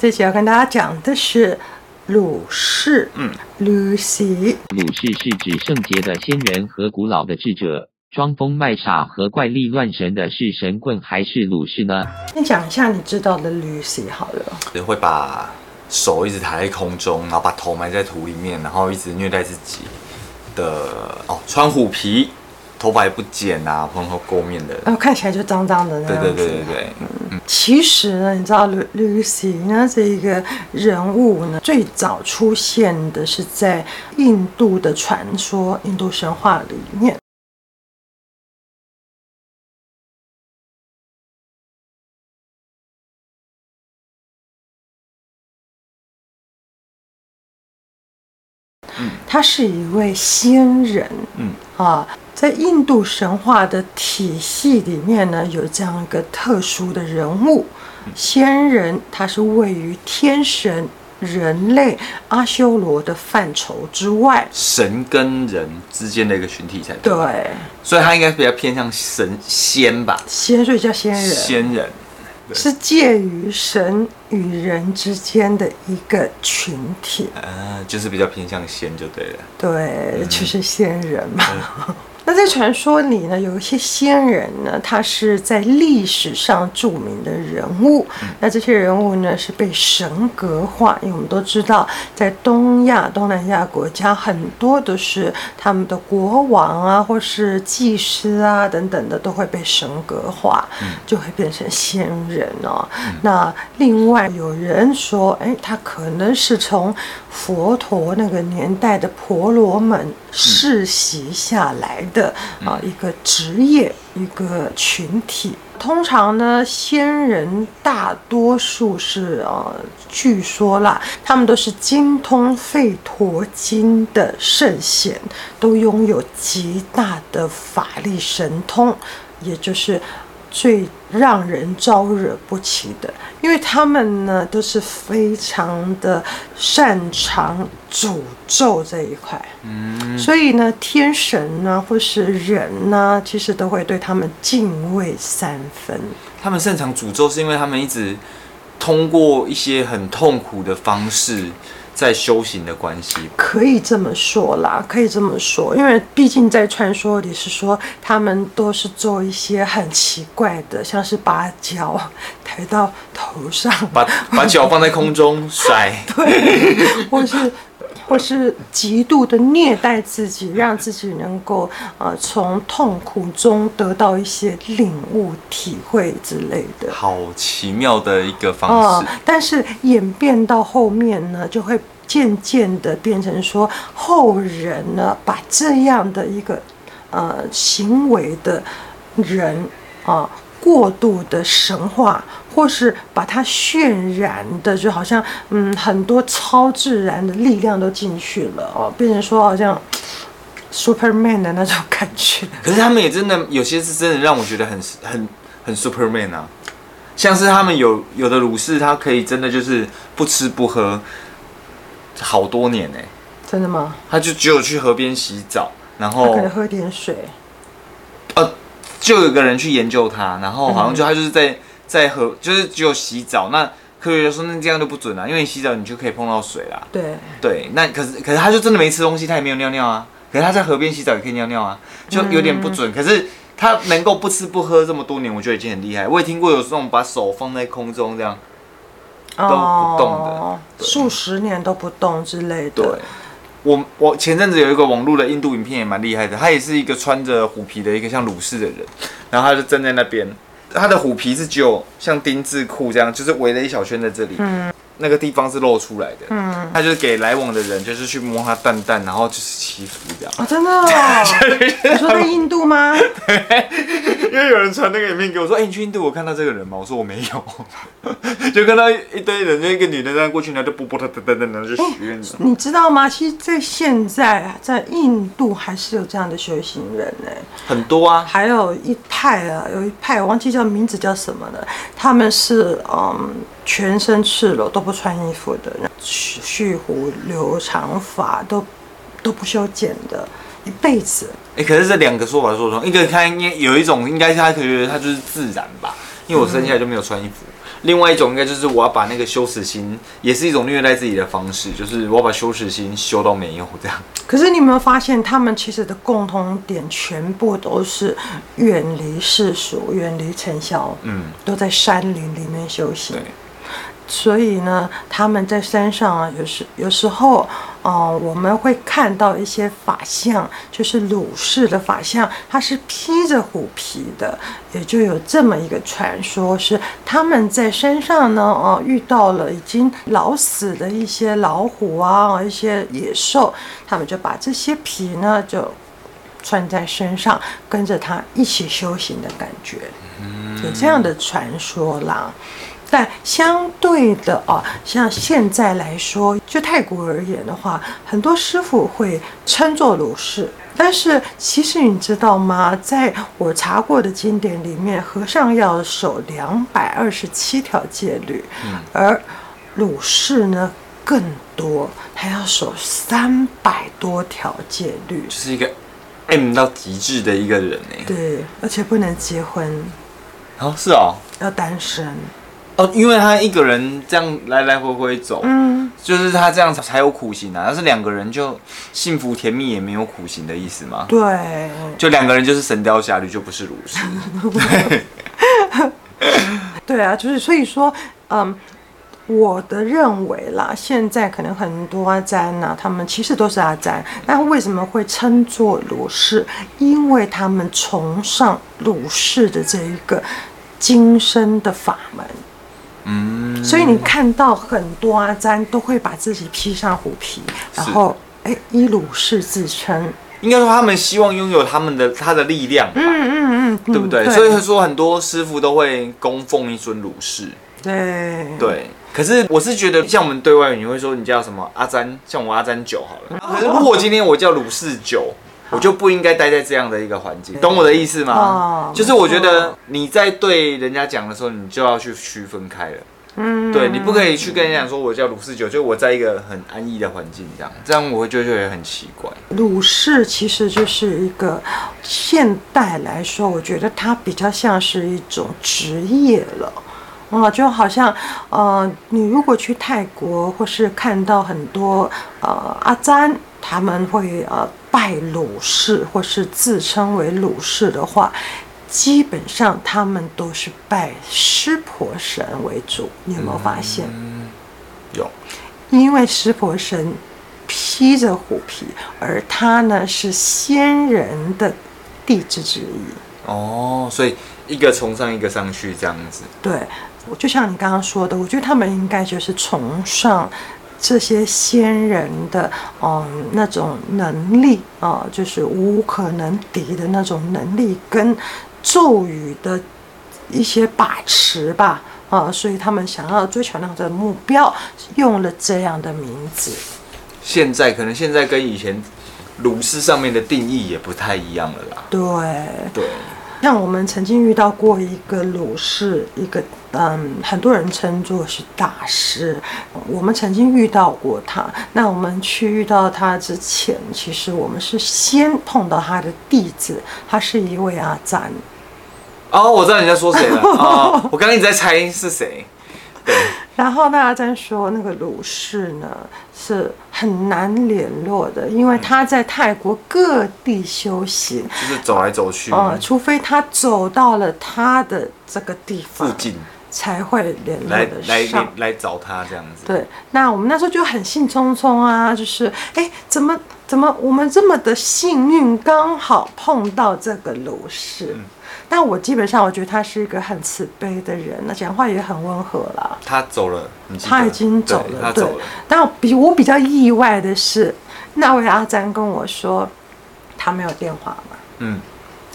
這期要跟大家講的是魯士，嗯，魯士。魯士是指聖潔的仙人和古老的智者。裝瘋賣傻和怪力亂神的是神棍還是魯士呢？先講一下你知道的魯士好了。會把手一直抬在空中，然後把頭埋在土裡面，然後一直虐待自己的哦，穿虎皮，頭髮也不剪啊，蓬頭垢面的。哦，看起來就髒髒的那樣子。對對對對對，對。嗯嗯、其實呢，你知道，L，魯士呢這個人物呢，最早出現的是在印度的傳說，印度神話裡面。嗯，他是一位仙人。嗯，啊。在印度神話的體系裡面呢，有這樣一個特殊的人物——仙人，他是位於天神、人類、阿修羅的範疇之外，神跟人之間的一個群體才對。對，所以他應該是比較偏向神仙吧？仙，所以叫仙人。仙人是介於神與人之間的一個群體。呃，就是比較偏向仙就對了。對，嗯，就是仙人嘛。嗯那在傳說裡呢，有一些仙人呢，他是在歷史上著名的人物，嗯。那這些人物呢，是被神格化，因為我們都知道，在東亞、東南亞國家，很多都是他們的國王啊，或是祭司啊等等的，都會被神格化，嗯、就會變成仙人哦、嗯。那另外有人說，哎，他可能是從佛陀那個年代的婆羅門世襲下來。嗯嗯的、嗯、啊，一個職業，一個群體。通常呢，仙人大多數是呃，據說啦，他們都是精通吠陀經的聖賢，都擁有極大的法力神通，也就是最讓人招惹不起的。因為他們呢，都是非常的擅長詛咒這一塊，嗯，所以呢，天神呢、啊、或是人呢、啊，其實都會對他們敬畏三分。他們擅長詛咒，是因為他們一直通過一些很痛苦的方式。在修行的關係，可以這麼說啦，可以這麼說，因為畢竟在傳說裡是說，他們都是做一些很奇怪的，像是把腳抬到頭上，把把腳放在空中甩， 對，或是。 或是極度的虐待自己，讓自己能夠呃從痛苦中得到一些領悟、體會之類的，好奇妙的一個方式、哦。但是演變到後面呢，就會漸漸的變成說，後人呢把這樣的一個呃行為的人啊、呃、過度的神化。或是把它渲染的就好像，嗯，很多超自然的力量都進去了哦，變成說好像，Superman 的那種感覺。可是他們也真的有些是真的讓我覺得很很很 Superman 啊，像是他們有有的魯士，他可以真的就是不吃不喝好多年呢，欸，真的嗎？他就只有去河邊洗澡，然後他可能喝一點水。呃，就有個人去研究他，然後好像就他就是在。嗯在河就是只有洗澡，那科學說那這樣就不準了、啊，因為你洗澡你就可以碰到水啦。對對，那可是可是他就真的沒吃東西，他也沒有尿尿啊，可是他在河邊洗澡也可以尿尿啊，就有點不準。嗯、可是他能夠不吃不喝這麼多年，我覺得已經很厲害。我也聽過有這種把手放在空中這樣都不動的，數、哦、十年都不動之類的。對，我我前陣子有一個網絡的印度影片也蠻厲害的，他也是一個穿着虎皮的一個像魯士的人，然後他就站在那邊。它的虎皮是只有像丁字褲這樣，就是圍了一小圈在這裡。嗯那個地方是露出來的，嗯，他就是給來往的人，就是去摸他蛋蛋，然後就是祈福這樣。啊、真的？ 你說在印度嗎？因為有人傳那個影片給我，說：“哎、 欸，你去印度，我看到這個人嗎？”我說：“我沒有。 ”就看到一堆人，一 個女的在過去，然後就啵啵噠噔噔噔，然後就許願了。你知道嗎？其實，在現在，在印度還是有這樣的修行人呢，很多啊。還有一派啊，有一派，我忘記叫名字叫什麼了。他們是嗯。全身赤裸都不穿衣服的人，蓄鬍留長髮都都不修剪的，一輩子。哎，可是這兩個說法說中一個，看，應該有一種，應該是他可覺得他就是自然吧，因為我生下來就沒有穿衣服。嗯。另外一種應該就是我要把那個羞恥心，也是一種虐待自己的方式，就是我要把羞恥心修到沒有這樣。可是你有沒有發現，他們其實的共同點全部都是遠離世俗，遠離塵囂，嗯，都在山林裡面修行。對。所以呢，他們在山上啊，有時有時候，哦、呃，我們會看到一些法像，就是魯士的法像，它是披着虎皮的，也就有這麼一個傳說，是他們在山上呢，哦、呃，遇到了已經老死的一些老虎啊，一些野獸，他們就把這些皮呢，就穿在身上，跟着他一起修行的感覺，有這樣的傳說啦。但相對的啊、哦，像現在來說，就泰國而言的話，很多師傅會稱作魯士。但是其實你知道嗎？在我查過的經典裡面，和尚要守兩百二十七條戒律、嗯，而魯士呢更多，還要守三百多條戒律。這、就是一個 M 到極致的一個人呢，對，而且不能結婚。哦，是哦。要單身。哦、因為他一個人這樣來來回回走，嗯，就是他這樣才才有苦行啊。但是兩個人就幸福甜蜜，也沒有苦行的意思嗎？對，就兩個人就是《神鵰俠侶》，就不是魯士。 對， 對啊，就是所以說，嗯，我的認為啦，現在可能很多阿詹吶，他們其實都是阿詹，但為什麼會稱作魯士？因為他們崇尚魯士的這一個今生的法門。嗯，所以你看到很多阿詹都會把自己披上虎皮，然後哎，以、欸、魯士自稱，應該說他們希望擁有他們的他的力量吧，嗯嗯嗯，對不對？嗯、對。所以說很多師傅都會供奉一尊魯士，對對。可是我是覺得，像我們對外人你會說你叫什麼阿詹，像我阿詹九好了、嗯啊。可是如果今天我叫魯士九。我就不應該待在這樣的一個環境，懂我的意思嗎、哦？就是我覺得你在對人家講的時候，你就要去區分開了。嗯，對，你不可以去跟人家講說，我叫魯士九，就我在一個很安逸的環境這樣，這樣我會覺得也很奇怪。魯士其實就是一個現代來說，我覺得它比較像是一種職業了。哦、嗯，就好像，呃，你如果去泰國或是看到很多呃阿詹，他們會呃拜魯士或是自稱為魯士的話，基本上他們都是拜濕婆神為主。你有沒有發現？嗯、有，因為濕婆神披着虎皮，而他呢是仙人的弟子之一。哦，所以一個衝上一個上去這樣子。對。就像你剛剛說的，我覺得他們應該就是崇尚這些先人的嗯、哦、那種能力啊、哦，就是無可能敵的那種能力跟咒語的一些把持吧啊、哦，所以他們想要追求那個目標，用了這樣的名字。現在可能現在跟以前魯士上面的定義也不太一樣了啦。對。對。像我們曾經遇到過一個魯士，一個嗯，很多人稱作是大師。我們曾經遇到過他，那我們去遇到他之前，其實我們是先碰到他的弟子，他是一位阿贊。哦，我知道你在說誰了。 哦，我剛剛一直在猜是誰。對，然後大家在說那個魯士呢，是很難聯絡的，因為他在泰國各地修行，嗯、就是走來走去。哦、呃，除非他走到了他的這個地方附近，才會聯絡的上，來來，來，來找他這樣子。對，那我們那時候就很興沖沖啊，就是哎，怎麼怎麼我們這麼的幸運，剛好碰到這個魯士。嗯但我基本上，我覺得他是一個很慈悲的人，那講話也很溫和啦。他走了，他已經走了，對。他走了。對。但我比，我比較意外的是，那位阿詹跟我說，他沒有電話嘛。嗯。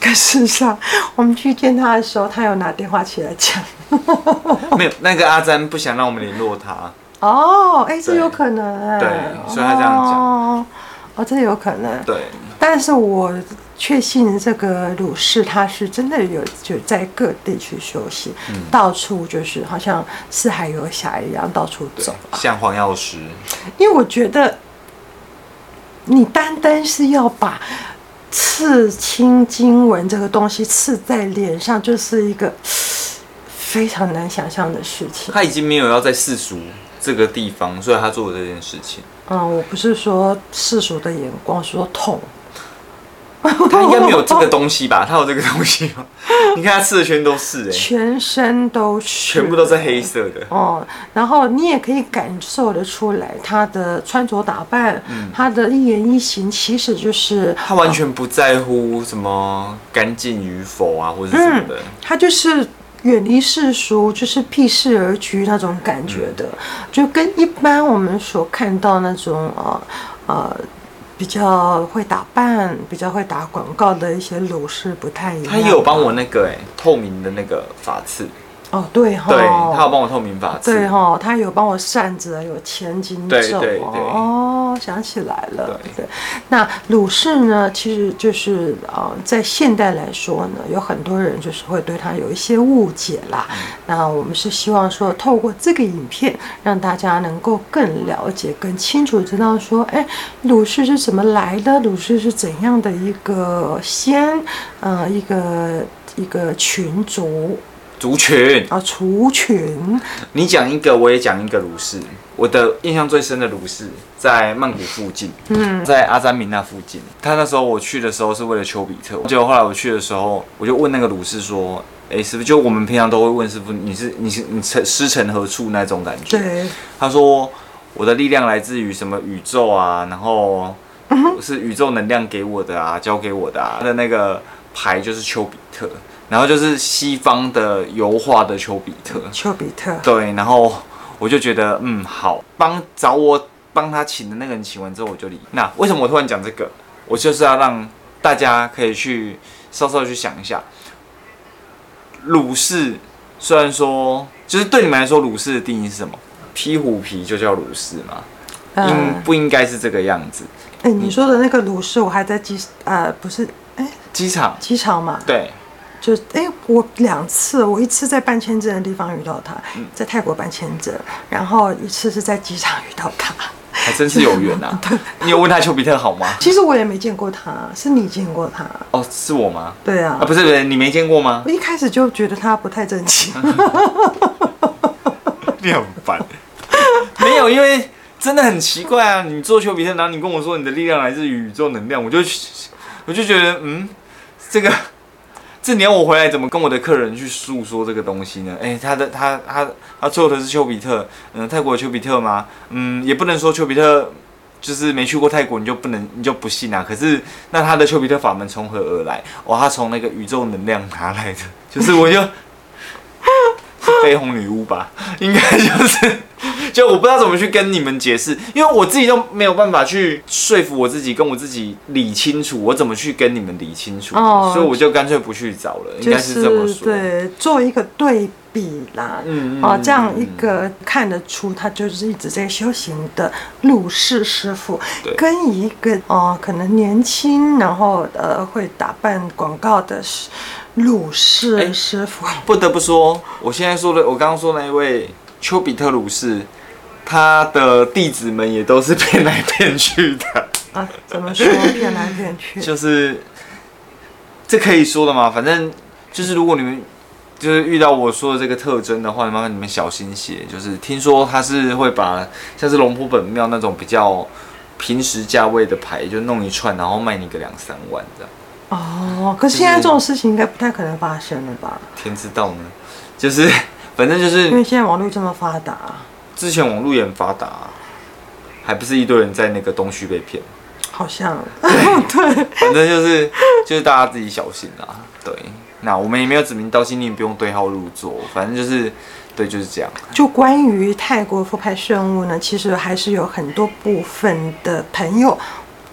可是上，我們去見他的時候，他有拿電話起來講。 沒有，那個阿詹不想讓我們聯絡他。哦，哎，這有可能哎。對，所以他這樣講。哦，哦，這有可能。對。但是我，確信這個魯士他是真的有就在各地去修行，嗯，到處就是好像四海游俠一樣到處走，啊。像黃藥師，因為我覺得你單單是要把刺青、經文這個東西刺在臉上，就是一個非常難想象的事情。他已經沒有要在世俗這個地方，所以他做了這件事情。嗯，我不是說世俗的眼光，說痛。 他應該沒有這個東西吧？他有這個東西嗎？ 你看他吃的圈都是、欸，哎，全身都是，全部都是黑色的。哦，然後你也可以感受得出來，他的穿着打扮、嗯，他的一言一行，其實就是他完全不在乎什麼乾淨與否啊，嗯、或者什麼的、嗯。他就是遠離世俗，就是避世而居那種感覺的、嗯，就跟一般我們所看到那種，呃，呃。比較會打扮，比較會打廣告的一些魯士不太一樣。他也有幫我那個哎，欸，透明的那個法刺。哦，對哈，他有幫我透明法子，對哈，他有幫我扇子，有千斤重，哦，想起來了，對，對，那魯士呢，其實就是、呃、在現代來說呢，有很多人就是會對他有一些誤解啦。嗯、那我們是希望說，透過這個影片，讓大家能夠更了解、更清楚知道說，哎，魯士是怎麼來的，魯士是怎樣的一個仙，呃，一個一個群族。族群啊，族群！你講一個，我也講一個。魯士，我的印象最深的魯士在曼谷附近，嗯，在阿詹明那附近。他那時候我去的時候是為了丘比特，結果後來我去的時候，我就問那個魯士說：“哎，師傅，就我們平常都會問師傅，你是你是你師師承何處那種感覺？”對，他說我的力量來自於什麼宇宙啊，然後是宇宙能量給我的啊，交給我的啊，他的那個。牌就是丘比特，然後就是西方的油畫的丘比特，丘比特對，然後我就覺得嗯好，幫找我幫他請的那個人請完之後我就離。那為什麼我突然講這個？我就是要讓大家可以去稍稍去想一下，魯士雖然說就是對你們來說魯士的定義是什麼？披虎皮就叫魯士嗎？應、呃、不應該是這個樣子？哎、欸，你說的那個魯士，我還在記，啊、呃，不是。哎、欸，機場，機場嘛，對，就哎、欸，我兩次，我一次在辦簽證的地方遇到他，嗯、在泰國辦簽證，然後一次是在機場遇到他，還真是有緣啊，你有問他丘比特好嗎？其實我也沒見過他，是你見過他？哦，是我嗎？對啊，啊，不是不是，你沒見過嗎？我一開始就覺得他不太正經， 你很煩煩， 沒有，因為真的很奇怪啊，你做丘比特，然後你跟我說你的力量來自於宇宙能量，我就。我就覺得，嗯，這個這年我回來怎麼跟我的客人去訴說這個東西呢？誒，他的他他他做的是丘比特，嗯，泰國的丘比特嗎？嗯，也不能說丘比特，就是沒去過泰國你就不能你就不信啊。可是那他的丘比特法門從何而來？哦，他從那個宇宙能量拿來的，就是我就， 是緋紅女巫吧，應該就是。就我不知道怎麼去跟你們解釋，因為我自己都沒有辦法去說服我自己，跟我自己理清楚，我怎麼去跟你們理清楚？哦，所以我就乾脆不去找了，就是，應該是這麼說。對，做一個對比啦，嗯，哦，這樣一個看得出他就是一直在修行的魯士師傅，跟一個哦可能年輕，然後呃會打扮廣告的魯士師傅，欸，不得不說，我現在說的，我剛剛說的那一位丘比特魯士。他的弟子們也都是騙來騙去的啊？怎麼說騙 來騙去？就是這可以說的嗎？反正就是如果你們就是遇到我說的這個特徵的話，麻煩你們小心些。就是聽說他是會把像是龍婆本廟那種比較平時價位的牌，就弄一串，然後賣你個兩三萬的。哦，可是現在這種事情應該不太可能發生了吧？天、就是、知道呢，就是反正就是因為現在網絡這麼發達。之前網路也很發達，還不是一堆人在那個東區被騙？好像，對， 對反正就是 就是大家自己小心啦、啊。對，那我們也沒有指名道姓，你也不用對號入座。反正就是，對，就是這樣。就關於泰國佛牌聖物呢，其實還是有很多部分的朋友啊、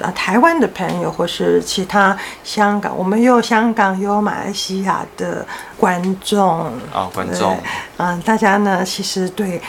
呃，台灣的朋友，或是其他香港，我們有香港，有馬來西亞的觀眾啊、哦，觀眾，嗯、呃，大家呢，其實對。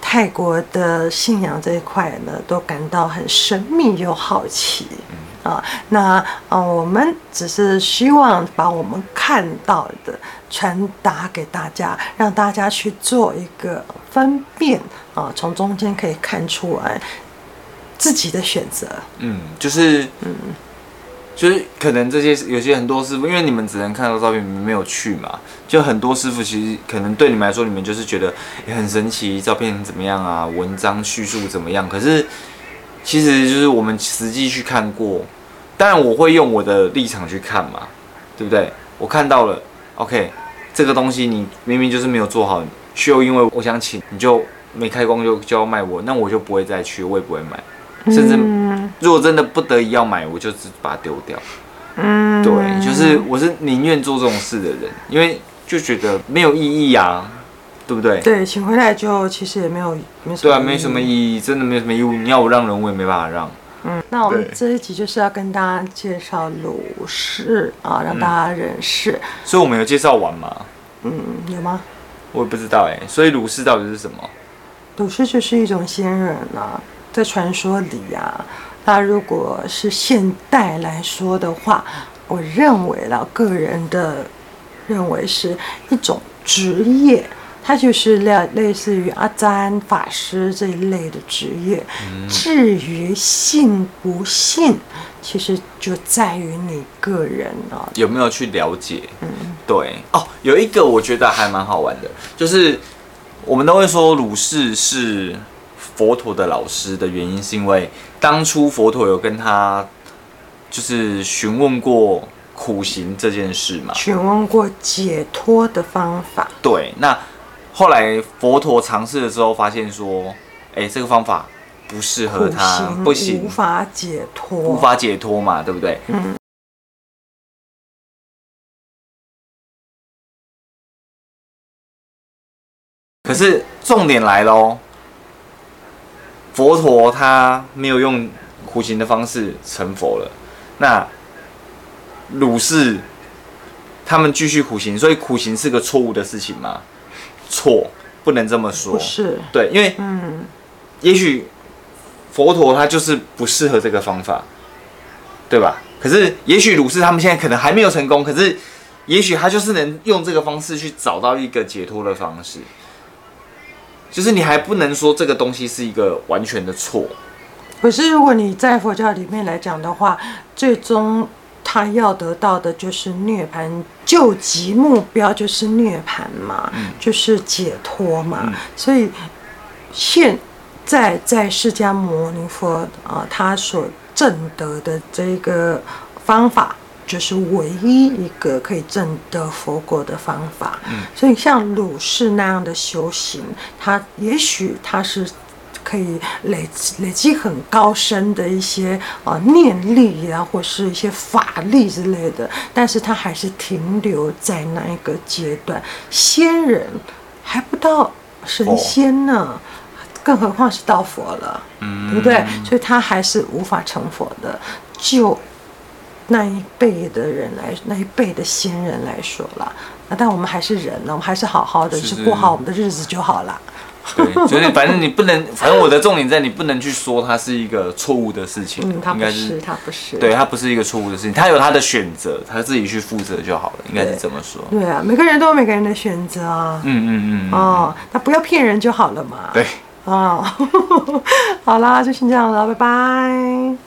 泰國的信仰這一塊呢，都感到很神秘又好奇，嗯、啊，那、呃、我們只是希望把我們看到的傳達給大家，讓大家去做一個分辨，啊，從中間可以看出來自己的選擇，嗯，就是，嗯。就是可能這些有些很多師傅，因為你們只能看到照片，你們沒有去嘛，就很多師傅其實可能對你們來說，你們就是覺得、欸、很神奇，照片怎麼樣啊，文章敘述怎麼樣？可是，其實就是我們實際去看過，當然我會用我的立場去看嘛，對不對？我看到了，OK，這個東西你明明就是沒有做好，卻又因為我想請你就沒開工就就要賣我，那我就不會再去，我也不會買。甚至，如果真的不得已要買，我就只把它丟掉。嗯，對，就是我是寧願做這種事的人，因為就覺得沒有意義啊，對不對？對，請回來之後其實也沒有，沒什麼對啊，沒什麼意義，真的沒有什麼意義。你要我讓人，我也沒辦法讓。嗯，那我們這一集就是要跟大家介紹魯士啊，讓大家認識。嗯，所以我們有介紹完嗎？嗯，有嗎？我也不知道哎，欸。所以魯士到底是什麼？魯士就是一種仙人啊。在傳說裡呀、啊，那如果是現代來說的話，我認為呢，個人的認為是一種職業，它就是類類似於阿贊法師這一類的職業。嗯、至於信不信，其實就在於你個人哦、啊，有沒有去了解。嗯，對哦，有一個我覺得還蠻好玩的，就是我們都會說魯士是。佛陀的老師的原因是因為當初佛陀有跟他，就是詢問過苦行這件事嘛，詢問過解脫的方法。對，那後來佛陀嘗試的時候發現說，哎、欸，這個方法不適合他，不行，無法解脫，無法解脫嘛，對不對？嗯。可是重點來嘍。佛陀他沒有用苦行的方式成佛了，那魯士他們繼續苦行，所以苦行是個錯誤的事情嗎？錯，不能這麼說。不是。對，因為嗯，也許佛陀他就是不適合這個方法，對吧？可是也許魯士他們現在可能還沒有成功，可是也許他就是能用這個方式去找到一個解脫的方式。就是你還不能說這個東西是一個完全的錯，可是如果你在佛教裡面來講的話，最終他要得到的就是涅槃，救急目標就是涅槃嘛，嗯，就是解脫嘛，嗯。所以現在在釋迦牟尼佛啊，他所證得的這個方法。就是唯一一個可以證得佛果的方法。嗯，所以像魯士那樣的修行，他也許他是可以累累積很高深的一些啊、呃、念力呀、啊，或是一些法力之類的，但是他還是停留在那一個階段。仙人還不到神仙呢，哦、更何況是到佛了、嗯，對不對？所以他還是無法成佛的，就。那一輩的人來，那一輩的先人來說啦那但我們還是人呢，我們還是好好的，就是，是，是過好我們的日子就好了。所以、就是、 反正你不能，反正我的重點在你不能去說他是一個錯誤的事情的、嗯他，應該是他不是，對他不是一個錯誤的事情，他有他的選擇，他自己去負責就好了，應該是這麼說對。對啊，每個人都有每個人的選擇啊，嗯嗯嗯，哦，那不要騙人就好了嘛。對，啊、哦， 好啦，就先這樣了，拜拜。